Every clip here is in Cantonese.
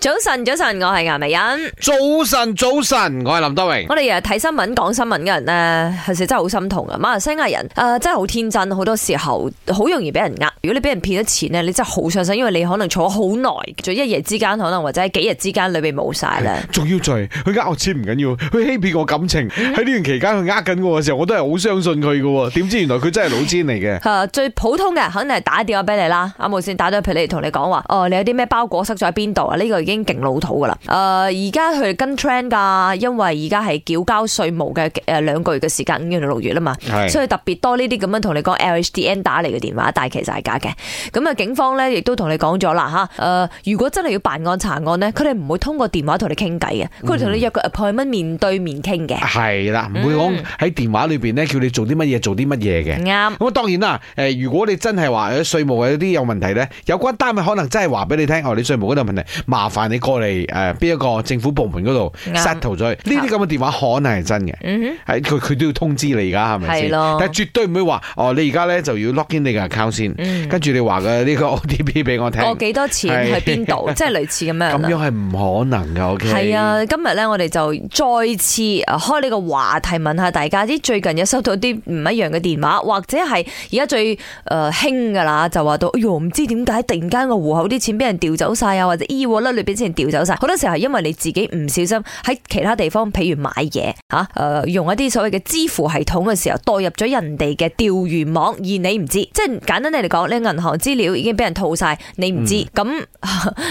早晨，早晨，我係顏美欣。早晨，早晨，我係林德榮。我哋日日睇新聞、講新聞嘅人咧，其實真係好心痛嘅。馬來西亞人，誒、呃，真係好天真，好多時候好容易俾人呃。如果你俾人騙咗錢咧，你真係好傷心，因為你可能坐咗好耐，就一夜之間可能或者喺幾日之間裏邊冇晒啦。仲要罪，佢呃我錢唔緊要，佢欺騙我感情。喺呢段期間，佢呃緊我嘅時候，我都係好相信佢嘅。點知原來佢真係老千嚟嘅。最普通嘅，肯定係打電話俾你啦。阿、啊、無線打咗俾你，同你講話，哦，你有啲咩包裹塞咗喺邊度啊？呢、這個。已經勁老土噶啦，誒、呃，而家佢跟 trend 噶，因為而家係繳交稅務嘅誒兩個月嘅時間，五月到六月啊嘛，所以特別多呢啲咁樣同你講 LHDN 打嚟嘅電話，但係其實係假嘅。咁啊，警方咧亦都同你講咗啦吓，誒、呃，如果真係要辦案查案咧，佢哋唔會通過電話同你傾偈嘅，佢哋同你約個 appointment 面對面傾嘅。係啦，唔會講喺電話裏邊咧叫你做啲乜嘢做啲乜嘢嘅。啱、嗯。咁當然啦，誒，如果你真係話稅務有啲有問題咧，有關單位可能真係話俾你聽，哦，你稅務嗰度問題麻煩。你過嚟誒，邊、呃、一個政府部門嗰度 settle 咗？呢啲咁嘅電話可能係真嘅，係佢佢都要通知你噶，係咪係咯。但係絕對唔會話哦，你而家咧就要 login 你嘅 account 先，跟、嗯、住你話嘅呢個 OTP 俾我聽，過幾多錢去邊度？即係類似咁 樣。咁樣係唔可能噶。係、OK? 啊，今日咧我哋就再次開呢個話題，問，問下大家啲最近有收到啲唔一樣嘅電話，或者係而家最誒興噶啦，就話到哎喲，唔知點解突然間個戶口啲錢俾人調走晒啊，或者咦，甩之前調走晒，好多時候係因為你自己唔小心喺其他地方，譬如買嘢吓，誒、啊呃、用一啲所謂嘅支付系統嘅時候，代入咗人哋嘅釣魚網，而你唔知，即係簡單啲嚟講，你銀行資料已經俾人套晒，你唔知，咁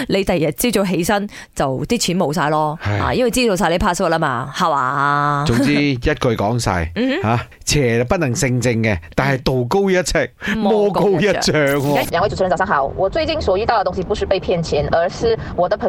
你第二日朝早起身就啲錢冇晒咯，啊，因為知道晒你 password 啦嘛，係嘛？總之一句講晒吓，邪不能勝正嘅，但係道高一尺、嗯，魔高一丈。okay. 兩位主持人早上好，我最近所遇到嘅東西不是被騙錢，而是我的朋